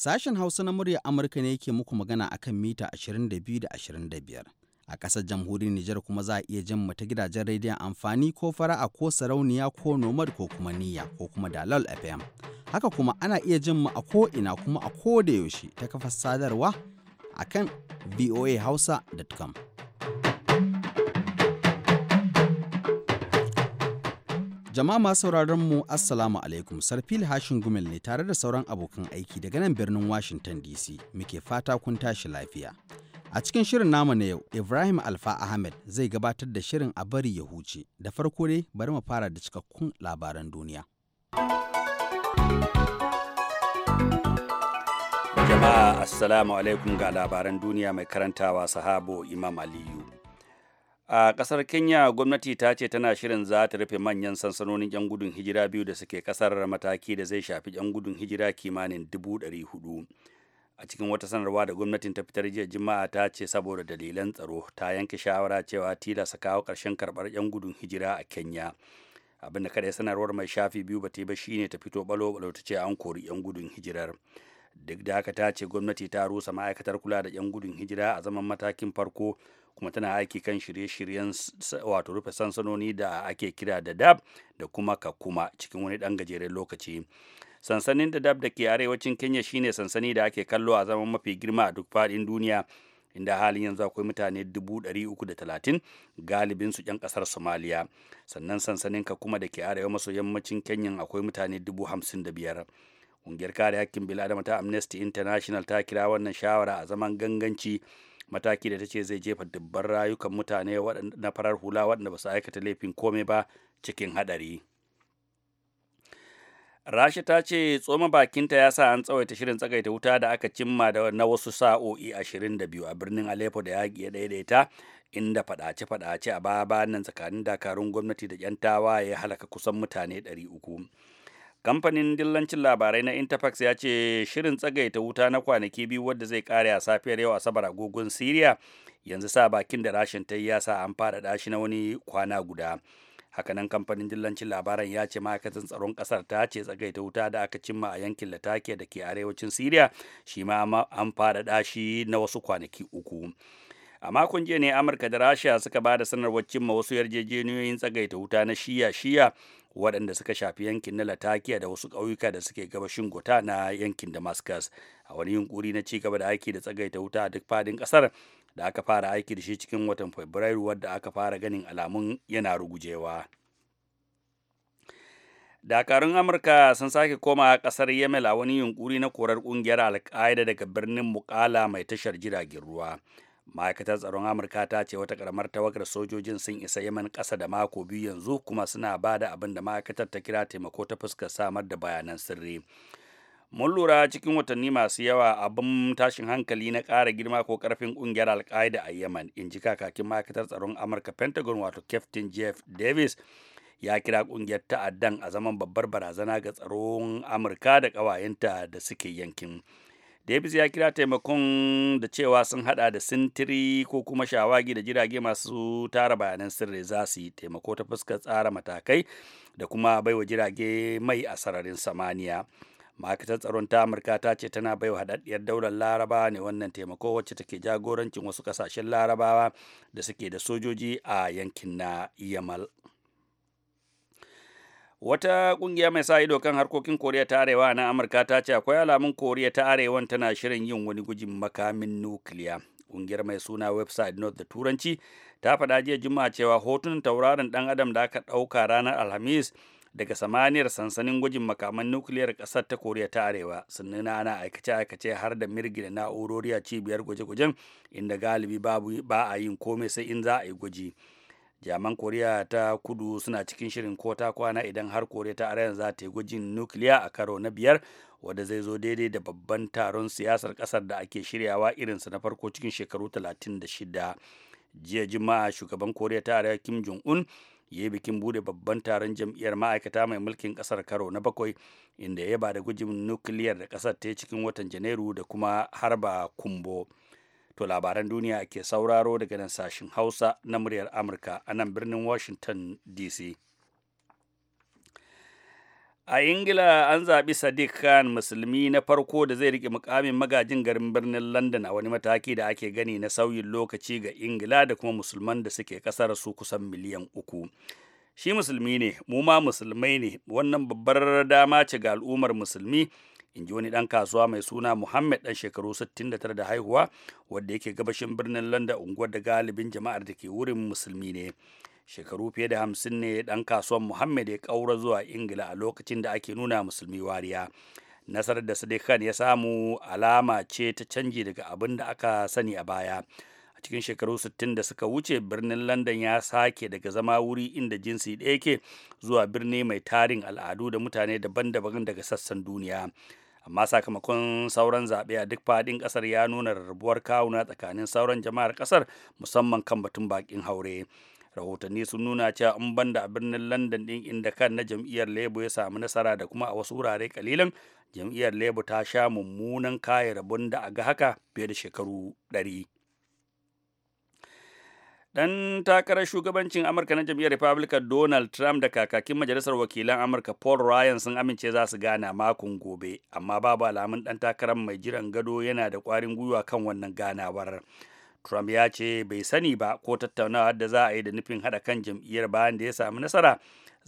Sashen Hausa na murya Amurka ne yake muku magana akan mita 22 da 25. A ƙasar jamhuriyar Nijar kuma za a iya jin mu ta gidajen rediyon amfani ko fara'a ko sarauniya ko nomad ko kuma niyya ko kuma dalal FM. Haka kuma ana iya jin mu a ko'ina kuma a ko da yaushe ta kafar sadarwa akan voahausa.com. Jama'a masu sauraron mu Assalamu alaikum Sarfil Hashin Gumel ne tare da sauran abokan aiki daga nan birnin Washington DC muke fata kun tashi lafiya. A cikin shirin namu na yau, Ibrahim Alfa Ahmed zai gabatar da shirin a bari ya huce. Da farko dai bari mu fara da cikakkun labaran duniya. Jama'a Assalamu alaikum ga labaran duniya mai karantawa sahabo Imam Aliyu. a kasar kenya gwamnati ta ce tana shirin za ta rufe manyan sansanonin 'yan gudun hijira biyu da suke kasar mataki da zai shafi 'yan gudun hijira kimanin dubu ɗari hudu a cikin wata sanarwa da gwamnatin ta fitar jiya jima'a ta ce saboda dalilan tsaro ta yanke shawara cewa tilasta kawo ƙarshen karɓar 'yan gudun hijira a kenya abin da kada sanarwar mai shafi biyu ba ta yi ba shine ta fito balo balo ta ce an kori 'yan gudun hijirar duk da haka ta ce gwamnati ta rusa ma'aikatar kula da 'yan gudun hijira a zaman matakin farko kuma tana aiki kan shirye-shiryen wato rufe sansanoni da ake kira da dab da kuma kakuma cikin wani dan gajeren lokaci sansanin da dab da ke arewacin kenya shine sansani da ake kallo a zaman mafi girma a duk faɗin duniya inda halin yanzu akwai mutane 330 galibin su 'yan kasar somaliya sannan sansanin kakuma da ke arewa maso yammacin kenya akwai mutane 55 ƙungiyar kare hakkin bil'adama ta amnesty international ta kira wannan shawara a zaman ganganci mataki da ta ce zai jefa dubban rayukan mutane na farar hula waɗanda ba su aikata laifin komai ba cikin haɗari rasha ta ce tsoma bakinta ya sa an tsawaita shirin tsagaita wuta da aka cimma da na wasu sa'o'i ashirin da biyu a birnin alepo da yaƙi ya daidaita inda fadace-fadace a baya nan tsakanin dakarun gwamnati da 'yan tawaye halaka kusan mutane 300 kamfanin dillancin labarai na interfax ya ce shirin tsagaita wuta na kwanaki biyu wadda zai kare a safiyar yau asabar agogon siriya yanzu sa bakin da rashin ta ya sa an fara dashi na wani kwana guda hakanan kamfanin dillancin labaran ya ce ma'aikatan tsaron kasar ta ce tsagaita wuta da aka cimma a yankin latakia da ke arewacin siriya shi ma an fara dashi na wasu kwanaki uku a makon jiya ne amurka da rasha suka ba da sanarwar cimma wasu yarjejeniyoyin tsagaita wuta na shiya shiya waɗanda suka shafi yankin na latakia da wasu ƙauyuka da suke gabashin gota na yankin damascus a wani yunkuri na cigaba da aiki da tsagaita wuta a duk fadin ƙasar da aka fara aiki da shi cikin watan fabrairu wadda aka fara ganin alamun yana rugujewa dakarun amurka sun sake koma a kasar yemen a wani yunkuri na korar kungiyar al daga birnin mukala mai tashar jiragen ruwa ma'aikatar tsaron amurka ta ce wata karamar tawagar sojojin sun isa yaman ƙasa da mako biyu yanzu kuma suna ba da abin da ma'aikatar ta kira taimako ta fuskar samar da bayanan sirri mun lura cikin watanni masu yawa abin tashin hankali na ƙara girma ko karfin ƙungiyar alƙa'ida a yaman in ji kakakin ma'aikatar tsaron amurka pentagon wato captain jeff davis ya kira ƙungiyar ta'addan a zaman babbar barazana ga tsaron amurka da ƙawayenta da suke yankin Davis ya kira taimakon da cewa sun hada da sintiri ko kuma shawagi da jirage masu tara bayanan sirri za su yi taimako ta fuskar tsara matakai da kuma baiwa jirage mai a sararin samaniya. ma'aikatar tsaron ta amurka ta ce tana baiwa haɗaɗɗiyar daular laraba ne wannan taimako wacce take jagorancin wasu ƙasashen larabawa da suke da sojoji a yankin na yamal. Wata kungiya mai sa ido kan harkokin Koriya ta Arewa na Amurka ta ce akwai alamun Koriya ta arewa tana shirin yin wani gujin makamin nukiliya. kungiyar mai suna website North da Turanci ta faɗa jiya Juma'a cewa hotunan tauraron dan adam da aka ɗauka ranar Alhamis daga samaniyar sansanin gwajin makaman nukiliyar ƙasar ta koriya ta arewa nuna ana aikace-aikace har da mirgi da na'urori a cibiyar gwaje-gwajen inda galibi ba a yin komai sai in za a yi gwaji jaman koriya ta kudu suna cikin shirin ko ta kwana idan har koriya ta arewa za ta yi gwajin nukiliya a karo na biyar wadda zai zo daidai da babban taron siyasar kasar da ake shiryawa irinsa na farko cikin shekaru 36 jiya juma'a shugaban koriya ta arewa kim jong un ya yi bikin bude babban taron jam'iyyar ma'aikata mai mulkin kasar karo na bakwai inda ya ba da gujin nukiliyar da kasar ta cikin watan janairu da kuma harba kumbo. To labaran duniya ke sauraro daga nan sashen Hausa na muryar Amurka a nan birnin Washington DC. A Ingila an zaɓi Sadiq Khan musulmi na farko da zai riƙe mukamin magajin garin birnin London a wani mataki da ake gani na sauyin lokaci ga Ingila da kuma musulman da suke ƙasar su kusan miliyan uku. Shi musulmi ne, mu ma musulmai ne, wannan babbar dama ce ga al'ummar musulmi in ji wani ɗan kasuwa mai suna muhammad ɗan shekaru 69 da haihuwa wadda yake gabashin birnin landa unguwar da galibin jama'ar da ke wurin musulmi ne shekaru fiye da hamsin ne ɗan kasuwan muhammed ya ƙaura zuwa ingila a lokacin da ake nuna musulmi wariya nasarar da sadiq khan ya samu alama ce ta canji daga abin da aka sani a baya a cikin shekaru 60 da suka wuce birnin london ya sake daga zama wuri inda jinsi ɗaya ke zuwa birni mai tarin al'adu da mutane daban-daban daga sassan duniya amma sakamakon sauran zaɓe a duk faɗin ƙasar ya nuna rarrabuwar kawuna tsakanin sauran jama'ar ƙasar musamman kan batun bakin haure rahotanni sun nuna cewa an banda a birnin london din inda kan na jam'iyyar labour ya samu nasara da kuma a wasu wurare kalilan jam'iyyar labour ta sha mummunan kaya rabon da a ga haka fiye da shekaru ɗari. Dan takarar shugabancin Amurka na jam'iyyar Republican Donald Trump da kakakin majalisar wakilan Amurka Paul Ryan sun amince za su gana makon gobe, amma babu alamun dan takarar mai jiran gado yana da ƙwarin gwiwa kan wannan ganawar. Trump ya ce bai sani ba ko tattaunawa da za a yi da nufin haɗa kan jam'iyyar bayan da ya samu nasara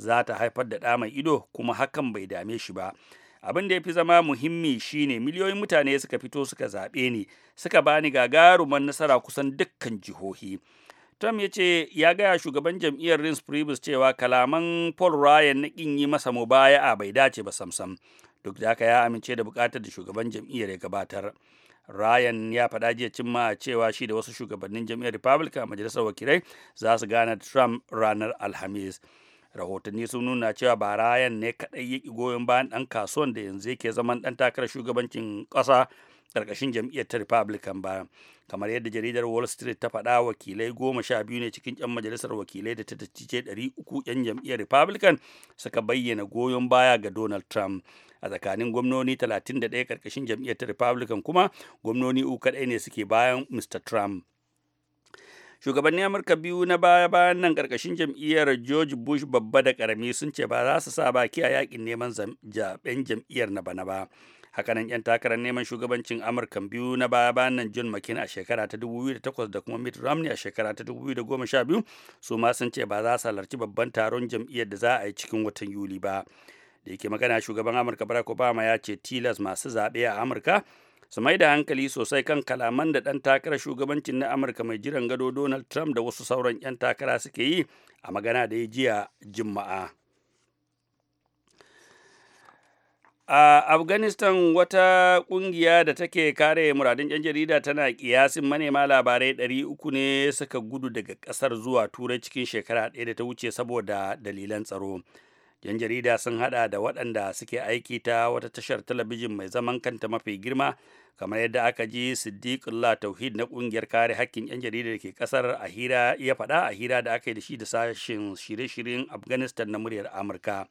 za ta haifar da ɗa mai ido kuma hakan bai dame shi ba. abin da ya fi zama muhimmi shine miliyoyin mutane suka fito suka zaɓe ni suka bani gagarumar nasara kusan dukkan jihohi Trump ya ce ya gaya shugaban jam'iyyar rins Priebus cewa kalaman Paul Ryan na kin yi masa mubaya'a bai dace ba samsam. Duk da haka ya amince da bukatar da shugaban jam'iyyar ya gabatar. Ryan ya faɗa jiya cimma cewa shi da wasu shugabannin jam'iyyar Republican a majalisar wakilai za su gane Trump ranar Alhamis. Rahotanni sun nuna cewa ba Ryan ne kaɗai ya goyon bayan ɗan kasuwan da yanzu yake zaman ɗan takarar shugabancin ƙasa karkashin jam'iyyar ta republican ba kamar yadda jaridar wall street ta faɗa wakilai goma sha biyu ne cikin 'yan majalisar wakilai da ta ɗari uku 'yan jam'iyyar republican suka bayyana goyon baya ga donald trump a tsakanin gwamnoni talatin 31 karkashin jam'iyyar ta republican kuma gwamnoni uku kaɗai ne suke bayan mr trump shugabannin amurka biyu na baya bayan nan karkashin jam'iyyar george bush babba da karami sun ce ba za su sa baki a yakin neman zaben jam'iyyar na bana ba hakanan 'yan takarar neman shugabancin amurka biyu na baya bayan nan john mccain a shekara ta 2008 da kuma mitt romney a shekara ta 2012 su ma sun ce ba za su halarci babban taron jam'iyyar da za a yi cikin watan yuli ba da yake magana shugaban amurka barack obama ya ce tilas masu zaɓe a amurka su mai da hankali sosai kan kalaman da ɗan takarar shugabancin na amurka mai jiran gado donald trump da wasu sauran 'yan takara suke yi a magana da ya jiya juma'a a afghanistan wata kungiya da take kare muradun yan jarida tana kiyasin manema labarai 300 ne suka gudu daga kasar zuwa turai cikin shekara ɗaya da ta wuce saboda dalilan tsaro yan jarida sun hada da waɗanda suke aiki ta wata tashar talabijin mai zaman kanta mafi girma kamar yadda aka ji siddiqullah tauhid na kungiyar kare hakkin yan jarida da ke kasar a hira ya faɗa a hira da aka yi da shi da sashen shirye-shiryen afghanistan na muryar amurka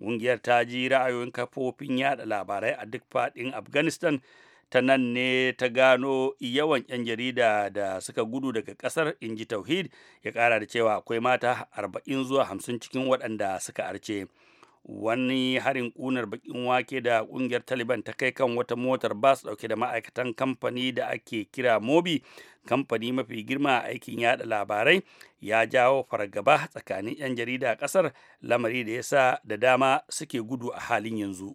ƙungiyar ta ji ra'ayoyin kafofin yada labarai a duk faɗin afghanistan ta nan ne ta gano yawan 'yan jarida da suka gudu daga kasar ji tauhid ya kara da cewa akwai mata 40 zuwa 50 cikin waɗanda suka arce wani harin kunar bakin wake da kungiyar taliban ta kai kan wata motar bas dauke da ma'aikatan kamfani da ake kira mobi kamfani mafi girma a aikin yada labarai ya jawo fargaba tsakanin 'yan jarida a kasar lamari da yasa da dama suke gudu a halin yanzu.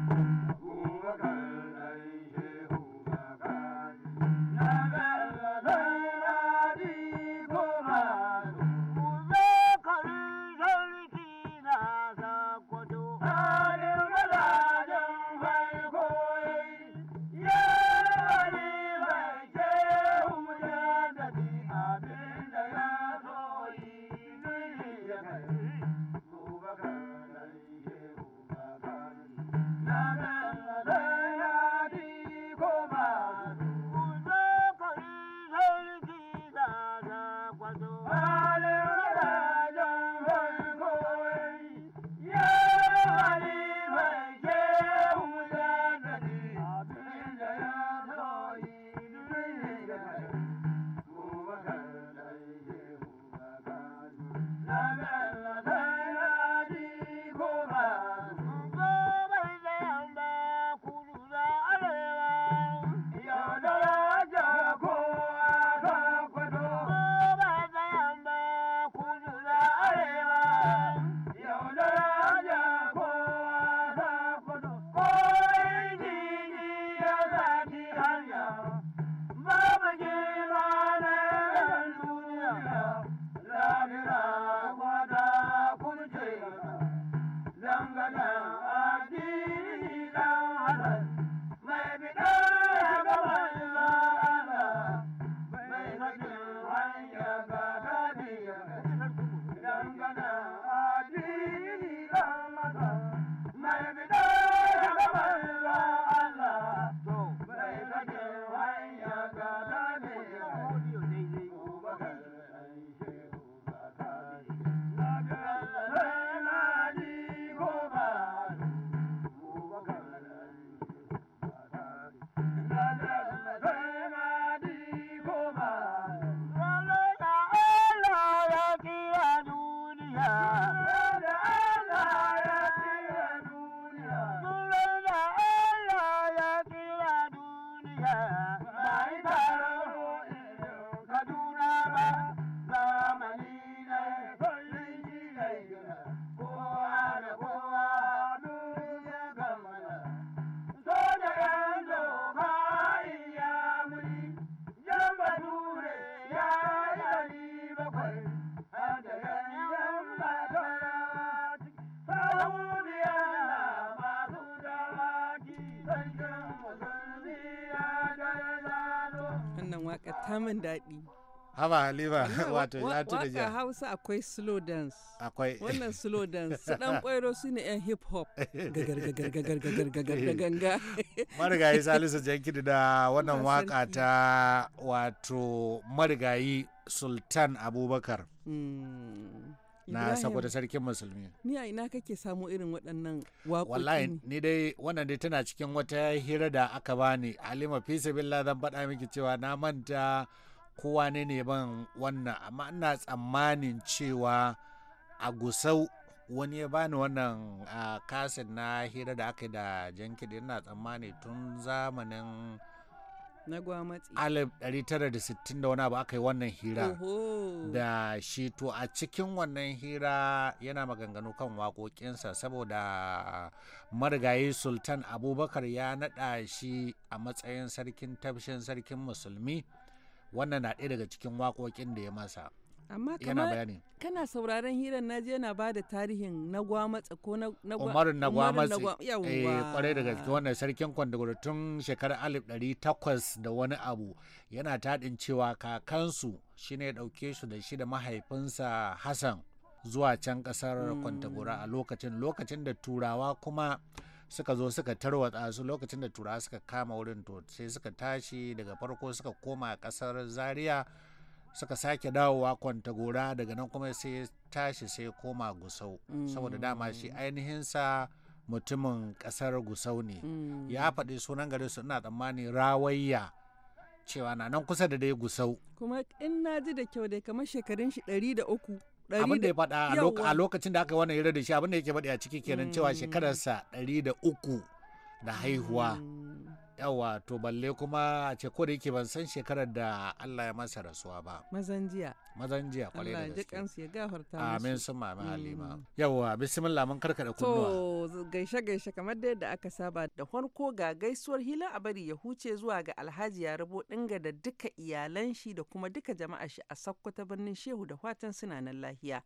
bakwai wannan waka ta min daɗi Haba Halima wato na tuna jiya. Waka Hausa akwai slow dance. Akwai. Wannan slow dance su dan kwairo su ne yan hip hop. Gagargagargagargagargaganga. Marigayi Salisu Jankidi da wannan waka ta wato marigayi sultan abubakar hmm. na saboda sarkin musulmi ni a ina kake samu irin waɗannan waƙoƙi wallahi ni dai wannan dai tana cikin wata hira da aka bani alima fi billa zan faɗa miki cewa na manta kowa ne ne ban wannan amma ina tsammanin cewa a gusau wani ya bani wannan ah, kasin na hira da aka yi da jankidi ina tsammani tun zamanin na gwamatsi alif 1960 da wani abu aka yi wannan hira da shi to a cikin wannan hira yana maganganu kan waƙoƙinsa saboda marigayi sultan abubakar ya naɗa shi a matsayin sarkin tafshin sarkin musulmi wannan na ɗaya daga cikin waƙoƙin da ya masa amma yana bayani kana sauraron hirar na je na ba da tarihin na gwamatsa ko na umarin na gwamatsa eh kwarai da wannan sarkin kwandagoro tun shekarar alif ɗari takwas da wani abu yana taɗin cewa kakansu shine ne ɗauke su da shi da mahaifinsa hassan zuwa can ƙasar hmm. kwantagora a lokacin lokacin da turawa kuma suka zo suka tarwatsa su lokacin da turawa suka kama wurin to sai suka tashi daga farko suka koma ƙasar zaria suka sake dawowa kwanta gora daga nan kuma sai tashi sai koma gusau saboda dama shi mm. ainihinsa mutumin kasar gusau ne mm. ya faɗi sunan gare su ina tsammani rawayya cewa na nan kusa da dai gusau kuma in na ji da kyau dai kamar shekarun shi ɗari da uku abin da ya faɗa a lokacin da aka wani yi da shi abin da yake faɗi a ciki kenan cewa mm. shekararsa ɗari da uku da haihuwa yawa to balle kuma a ce ko da yake ban san shekarar da Allah ya masa rasuwa ba mazan jiya kwalai da gaske Allah ya gafarta musu amin sun mami halima mm. yawa bismillah mun karkada kunnuwa to gaishe gaishe kamar da yadda aka saba da farko ga gaisuwar hila a bari ya huce zuwa ga Alhaji ya rubo dinga da duka iyalan shi da kuma duka jama'ar shi a Sokoto birnin Shehu da fatan suna nan lahiya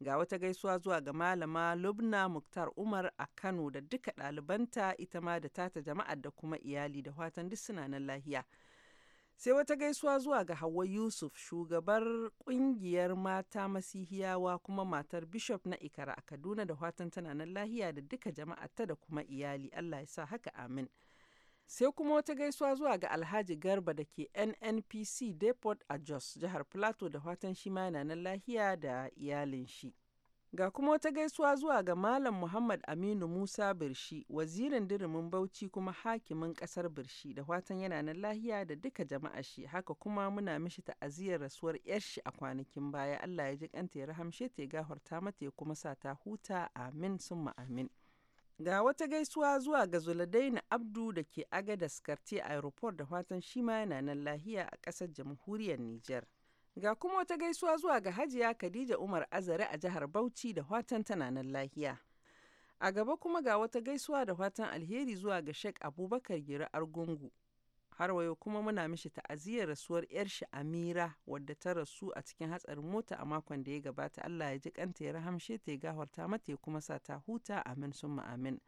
Ga wata gaisuwa zuwa ga Malama Lubna Muktar Umar a Kano da duka ɗalibanta ita ma da tata jama'ar da kuma iyali da fatan duk suna nan lahiya. Sai wata gaisuwa zuwa ga Hauwa Yusuf, shugabar kungiyar mata masihiyawa kuma matar Bishop na Ikara a Kaduna da fatan tana nan lahiya da duka ta da kuma iyali. Allah ya sa haka amin. Sai kuma wata gaisuwa zuwa ga Alhaji Garba da ke NNPC Depot a Jos, jihar Plateau da fatan shi ma yana nan lahiya da iyalin shi. Ga kuma wata gaisuwa zuwa ga Malam Muhammad Aminu Musa Birshi, wazirin dirimin Bauchi kuma hakimin kasar Birshi da watan yana nan lahiya da duka jama'a shi, haka kuma muna mishi ta'aziyar rasuwar yar shi a kwanakin baya. Allah ya ji kanta ya rahamshe ta ya gafarta mata ya kuma sa ta huta amin summa amin. Ga wata gaisuwa zuwa ga Zuladaina Abdu da ke Agadas Karti aeroport da fatan shi ma yana nan lahiya a ƙasar jamhuriyar Nijar. Ga kuma wata gaisuwa zuwa ga Hajiya Khadija Umar Azare a jihar Bauchi da fatan tana nan lahiya. A gaba kuma ga wata gaisuwa da fatan alheri zuwa ga Sheikh Abubakar giri Argungu har wayo kuma muna mishi ta'aziyar rasuwar yar shi Amira wadda ta rasu a cikin hatsarin mota a makon da ya gabata Allah ya ji kanta ya rahamshe ta ya gafarta mata ya kuma sa ta huta amin summa amin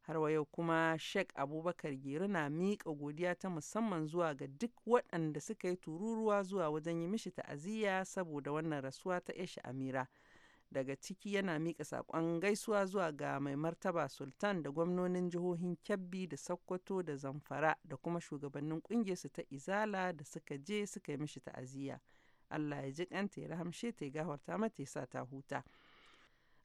har wayo kuma Sheikh Abubakar Gero na miƙa godiya ta musamman zuwa ga duk waɗanda suka yi tururuwa zuwa wajen yi mishi ta'aziyya saboda wannan rasuwa ta yar shi Amira. daga ciki yana mika saƙon gaisuwa zuwa ga mai martaba sultan da gwamnonin jihohin kyabbi da sokoto da zamfara da kuma shugabannin ƙungiyarsu ta izala da suka je suka yi mishi ta'aziyya allah ya ji kanta ya rahamshe ta ya mata ya sa ta huta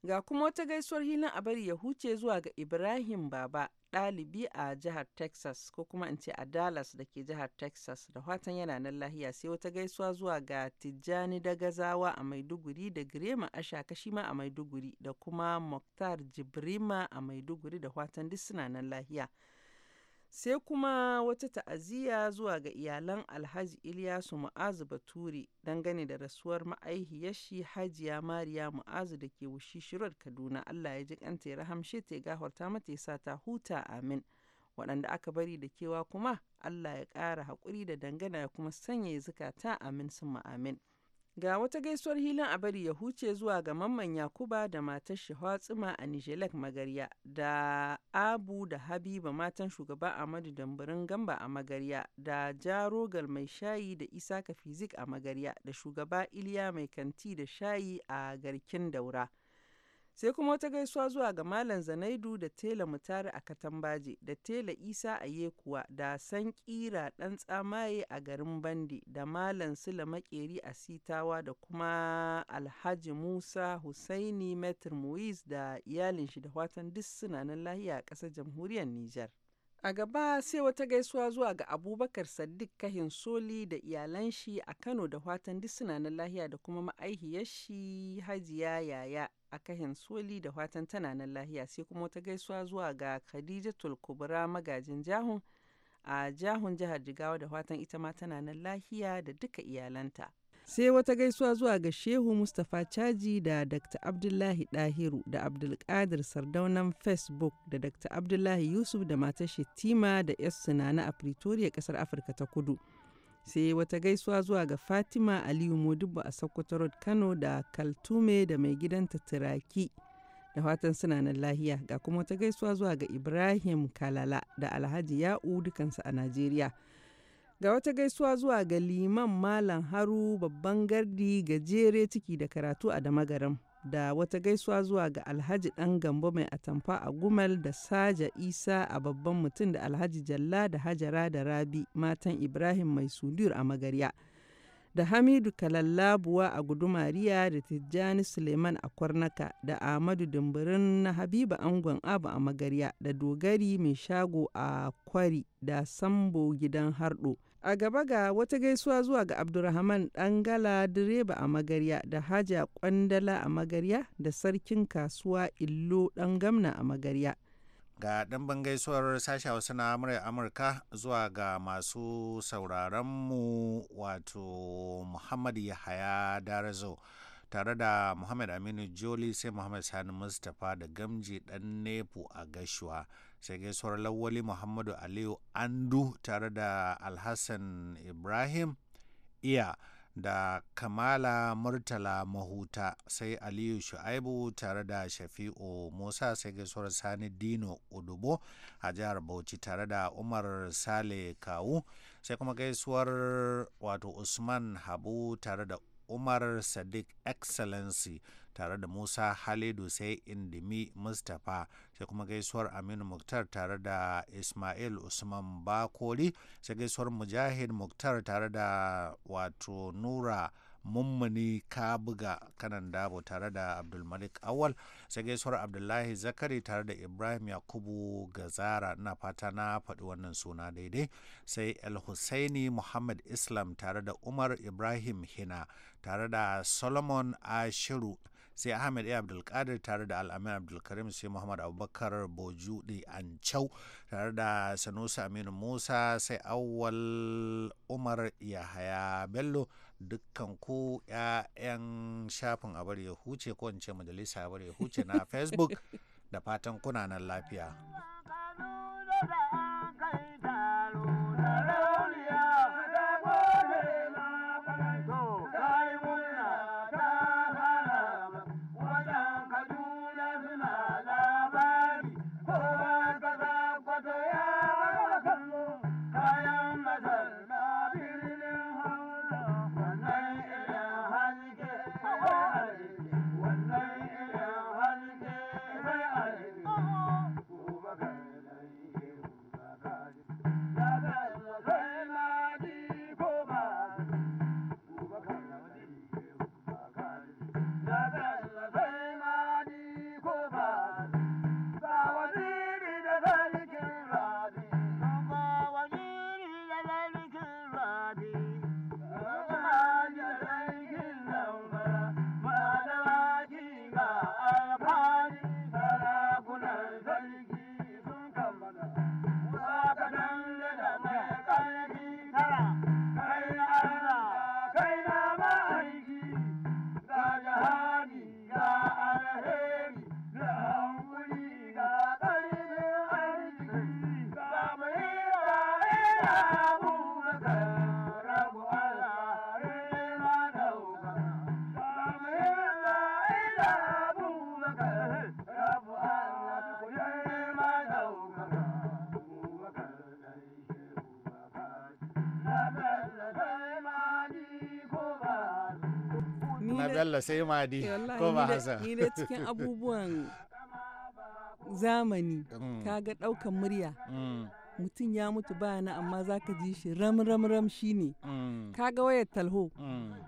Ga kuma wata gaisuwar hilin a bari ya huce zuwa ga Ibrahim Baba ɗalibi a jihar Texas ko kuma in ce a Dallas da ke jihar Texas da watan yana nan lahiya sai wata gaisuwa zuwa ga Tijjani Dagazawa a Maiduguri da Girema Ashaka shi ma a Maiduguri da kuma Muktar Jibrima a Maiduguri da watan duk suna nan lahiya. Sai kuma wata ta'aziyya zuwa ga iyalan Alhaji Ilyasu Mu'azu Bature dangane da rasuwar ma'aihiyar Hajiya Mariya Mu'azu da ke wushi shirar Kaduna. Allah ya ji kanta ya rahamshe ta ya gafarta mata ya sa ta huta amin. Waɗanda aka bari da kewa kuma Allah ya ƙara haƙuri da dangana ya kuma sanya ya zukata amin sun amin. Ga wata gaisuwar hilin a bari ya huce zuwa ga Mamman Yakuba da matar shi a Nijelek Magarya da Abu da Habiba matan shugaba Ahmadu Dambarin Gamba a Magarya da Jarogal mai shayi da Isaka Fizik a Magarya da shugaba Iliya mai kanti da shayi a Garkin Daura. Sai kuma wata gaisuwa zuwa ga Malam Zanaidu da Tela Mutari a Katambaje da Tela Isa a Ayekuwa da San kira Ɗan Tsamaye a garin bandi da Malam sula Maƙeri a Sitawa da kuma Alhaji Musa Husaini Metr Muiz da iyalin shi da watan duk suna nan lahiya a ƙasar jamhuriyar Nijar. A gaba sai wata gaisuwa zuwa ga Abubakar sadiq Kahin Soli da iyalan shi a Kano da watan duk suna na lahiya da kuma ma'aihiyar shi Hajiya Yaya kahin soli da fatan tana nan lahiya sai kuma wata gaisuwa zuwa ga khadija kubra magajin jahun a jahun jihar jigawa da fatan ita ma tana nan lahiya da duka iyalanta sai wata gaisuwa zuwa ga shehu mustapha caji da dr abdullahi dahiru da abdulkadir sardaunan facebook da dr abdullahi yusuf da matar shetima da yassu na a pretoria kasar afirka ta kudu sai wata gaisuwa zuwa ga fatima aliyu modibo a sokoto road kano da kaltume da mai gidanta turaki da fatan suna nan lahiya ga kuma wata gaisuwa zuwa ga ibrahim kalala da alhaji ya'u dukansu a najeriya ga wata gaisuwa zuwa ga liman malam haru babban gardi gajere ciki da karatu a damagaram da wata gaisuwa zuwa ga Alhaji ɗan gambo mai atamfa a Gumal da Saja Isa a babban mutum da Alhaji Jalla da Hajara da Rabi matan Ibrahim mai sudur a Magarya. Da Hamidu Kalallabuwa a Gudumariya da Tijjani Suleiman a Kwarnaka da Ahmadu dimbirin na Habiba Angon Abu a Magarya da Dogari mai shago a Kwari da Sambo gidan Hardo. a gaba ga wata gaisuwa zuwa ga abdulrahman dangala direba a magarya da haja kwandala a magarya da sarkin kasuwa illo dan gamna a magarya ga dan gaisuwar sashi hausa na amurka zuwa ga masu sauraronmu wato muhammad yahaya darazo tare da muhammad aminu joli sai muhammad sani mustapha da gamji dan nepu a gashuwa sai gaisuwar lawali muhammadu aliyu andu tare da alhassan ibrahim iya da kamala murtala mahuta sai aliyu shu'aibu tare da shafi'u musa sai gaisuwar sani dino udubo a jihar bauchi tare da umar sale kawu sai kuma gaisuwar wato usman habu tare da umar sadiq excellency tare da musa halidu sai indimi mustapha sai kuma gaisuwar aminu muktar tare da ismail usman bakori sai gaisuwar mujahid muktar tare da wato nura mummuni kabuga kanan dabo tare da abdulmalik awal sai gaisuwar abdullahi zakari tare da ibrahim yakubu gazara na fata na faɗi wannan suna daidai sai el husaini muhammad islam tare da umar ibrahim hina tare da solomon ashiru sai ahmed a abdulkadir tare da al'amin abdulkarim sai muhammad abubakar bojude ancau tare da sanusi aminu musa sai awwal umar yahaya bello dukkan ku 'ya'yan shafin abar ya huce ko in ce majalisa abar ya huce na facebook da fatan kuna nan lafiya. sai madi eh, ko ba hasa ni da cikin abubuwan zamani mm. kaga daukan murya mm. mutum ya mutu bayana amma za ka ji shi ram ram ram shi ne mm. kaga wayar talho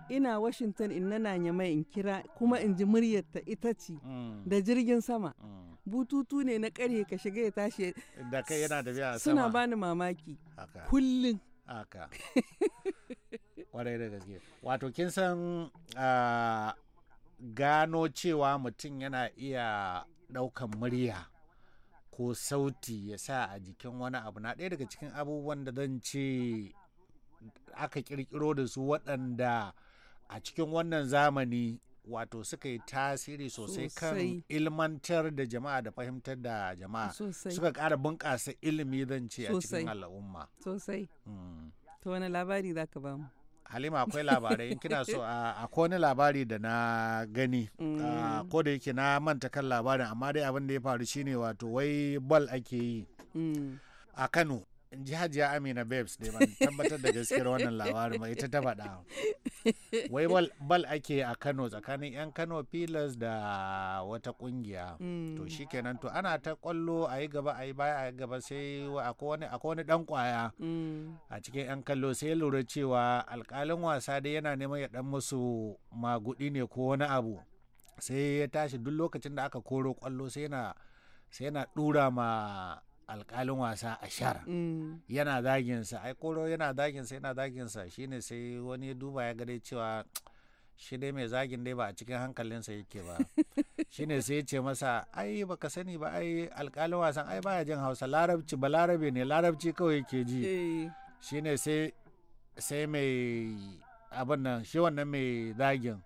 ina washington in na nyamai in kira kuma in ji muryarta ita ce da jirgin sama bututu ne na karye ka shiga ya tashi suna bani mamaki kullum kwarai da gaske wato kin san gano cewa mutum yana iya ɗaukan murya ko sauti ya sa a jikin wani abu na ɗaya daga cikin abubuwan da zan ce aka kirkiro da su waɗanda a cikin wannan zamani wato suka yi tasiri sosai kan ilmantar da jama'a da fahimtar da jama'a suka ƙara bunƙasa ilimi zan ce a cikin al'umma sosai hmm. to wani labari za ka bamu halima akwai labarai in kina so akwai wani labari da na gani mm. ko da yake na manta kan labarin amma dai abin da ya faru shine wato wai bal ake yi mm. a kano jihajiya amina babes ne ban tabbatar da gaskiyar wannan labarin mai ita ta faɗa wai bal ake a kano tsakanin yan kano pilas da wata kungiya mm. to shikenan to ana ta kwallo a yi gaba a yi baya a yi gaba sai akwai wani dan kwaya mm. a cikin yan kallo sai ya lura cewa alkalin wasa dai yana neman ya dan musu magudi ne ko wani abu sai ya tashi duk lokacin da aka koro kwallo sai yana sai yana dura ma Alƙalin wasa a shara mm. yana daginsa ai koro yana daginsa yana daginsa shine sai wani duba ya gare cewa shi dai mai zagin dai ba a cikin hankalinsa yake ba shine sai ce masa ai baka sani ba ai alƙalin wasan ai baya jin hausa larabci ba larabe ne larabci kawai yake ji eh. shine sai sai mai abin nan shi wannan mai zagin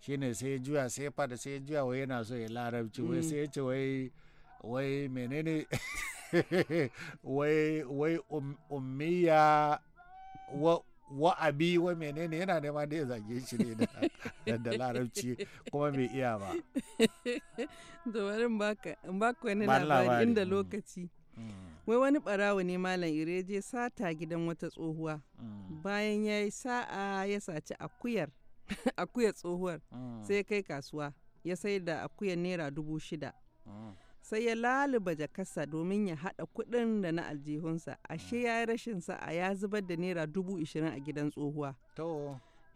shine sai juya sai fada sai juya wai yana so ya larabci wai mm. sai ya ce wai wai menene wai wai um, ummiya wa wa abi wa menene yana nema da ya zage shi ne da larabci kuma bai iya ba da warin baka wani labari inda lokaci mm. wai wani barawo ne malam ireje sata gidan wata tsohuwa mm. bayan ya yi sa'a ya saci akuyar akuyar tsohuwar mm. sai kai kasuwa ya sai da akuyar naira dubu shida sai ya laluba jakarsa domin ya haɗa kuɗin da na aljihunsa ashe ya yi rashin sa'a ya zubar da naira dubu ishirin a gidan tsohuwa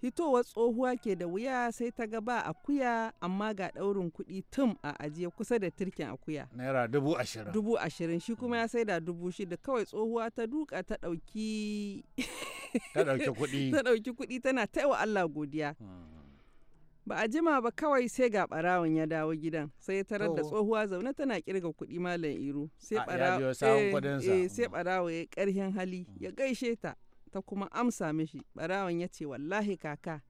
hitowar tsohuwa ke da wuya sai ta ga ba akuya amma ga ɗaurin kuɗi tum a ajiye kusa da turkin akuya naira dubu ashirin dubu ashirin shi kuma ya sai da dubu shida kawai tsohuwa ta duka ta ɗauki ta ɗauki kuɗi ta ɗauki kuɗi tana taiwa Allah godiya hmm. ba a jima ba kawai sai ga barawon ya dawo gidan sai ya tarar da tsohuwa zaune tana kirga kuɗi malam iro sai barawo ah, eh, eh, sai ya karhin hali ya gaishe ta ta kuma amsa mishi barawon ya ce wallahi kaka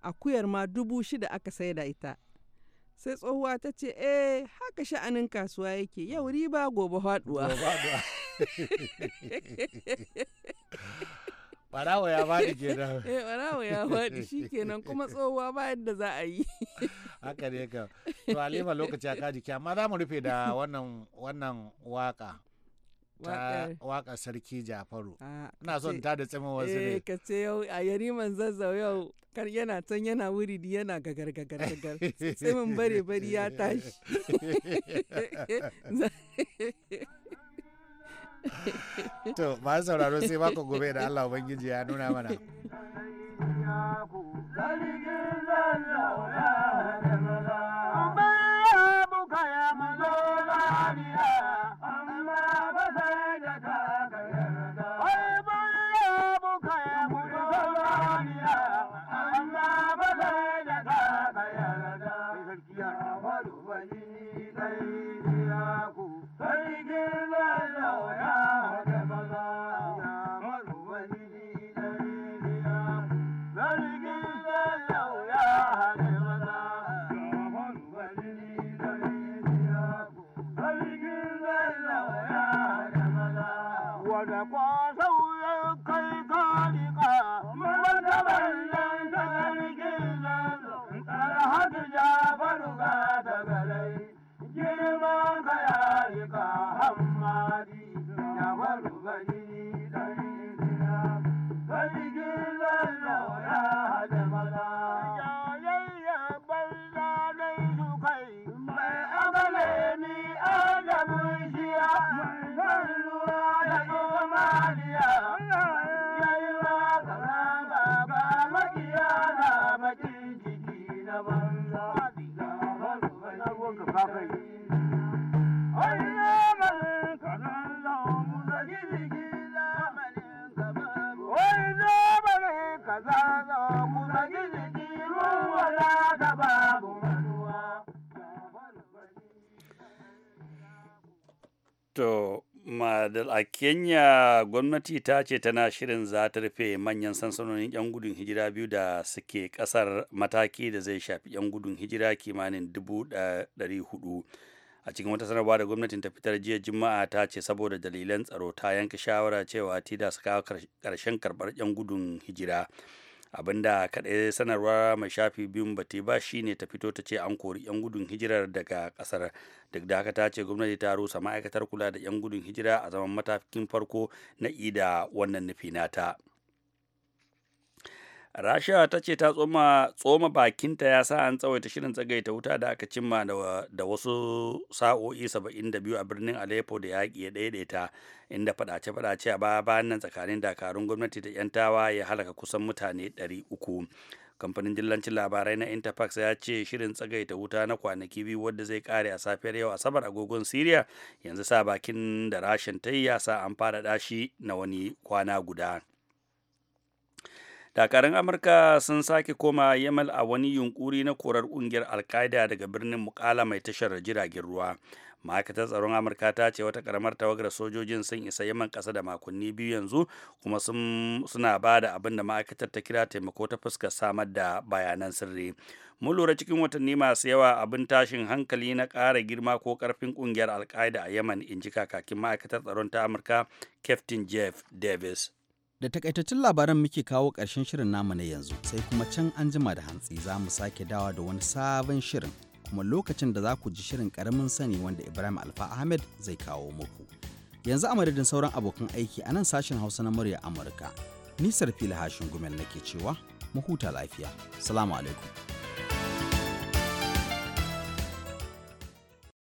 akuyar ma dubu shida aka da ita sai tsohuwa ta ce eh haka sha'anin kasuwa yake yau riba gobe haɗuwa barawa ya bani kenan eh barawa ya bani shikenan kuma tsohuwa ba yadda za a yi haka ne ka to halima lokaci ya kaji amma za mu rufe da wannan wannan waka ta waka sarki jafaru ah, ina son ta da tsimin wasu ne eh, ka ce yau a yari man zazzau yau kar yana can yana wuri di yana gagar gagar gagar tsimin bare bari ya tashi to masu sauraro sai ku gobe da Allah Ubangiji ya nuna mana Bye. kenya gwamnati ta ce tana shirin za ta rufe manyan sansanonin 'yan gudun hijira biyu da suke kasar mataki da zai shafi 'yan gudun hijira kimanin 400 a cikin wata sanarwa da gwamnatin ta fitar jiya juma'a ta ce saboda dalilan tsaro ta yanka shawara cewa tida su kawo karshen karbar 'yan gudun hijira abinda kaɗai sanarwa mai shafi biyun bata ba shine ta fito ta ce an kori 'yan gudun hijirar daga ƙasar duk da haka ta ce gwamnati ta rusa ma'aikatar kula da 'yan gudun hijira a zaman matakin farko na ida wannan nufi nata. rasha ta ce ta tsoma tsoma bakinta ya sa an tsawaita shirin tsagaita wuta da aka cimma da wasu sa'o'i da biyu a birnin aleppo da yaƙi ya daidaita inda fadace-fadace a baya bayan nan tsakanin dakarun gwamnati da 'yan tawa ya halaka kusan mutane 300 kamfanin dillancin labarai na interfax ya ce shirin tsagaita wuta na kwanaki biyu wadda zai kare a safiyar yau asabar agogon syria yanzu sa bakin da rashin ta yi ya sa an fara dashi na wani kwana guda dakarun amurka sun sake koma yamal a wani yunkuri na korar kungiyar alkaida daga birnin mukala mai tashar jiragen ruwa ma'aikatar tsaron amurka ta ce wata karamar tawagar sojojin sun isa yaman kasa da makonni biyu yanzu kuma suna ba da abin da ma'aikatar ta kira taimako ta fuskar samar da bayanan sirri mun lura cikin watanni masu yawa abin tashin hankali na ƙara girma ko ƙarfin ƙungiyar alkaida a yaman in ji kakakin ma'aikatar tsaron ta amurka captain jeff davis Da takaitaccen labaran muke kawo ƙarshen shirin namu na yanzu sai kuma can an jima da hantsi za mu sake dawa da wani sabon shirin kuma lokacin da za ku ji shirin karamin sani wanda Ibrahim Alfa Ahmed zai kawo muku. Yanzu a madadin sauran abokan aiki a nan sashen Hausa na murya Amurka. Nisar fili hashin gumel nake cewa mu huta lafiya. Salamu alaikum.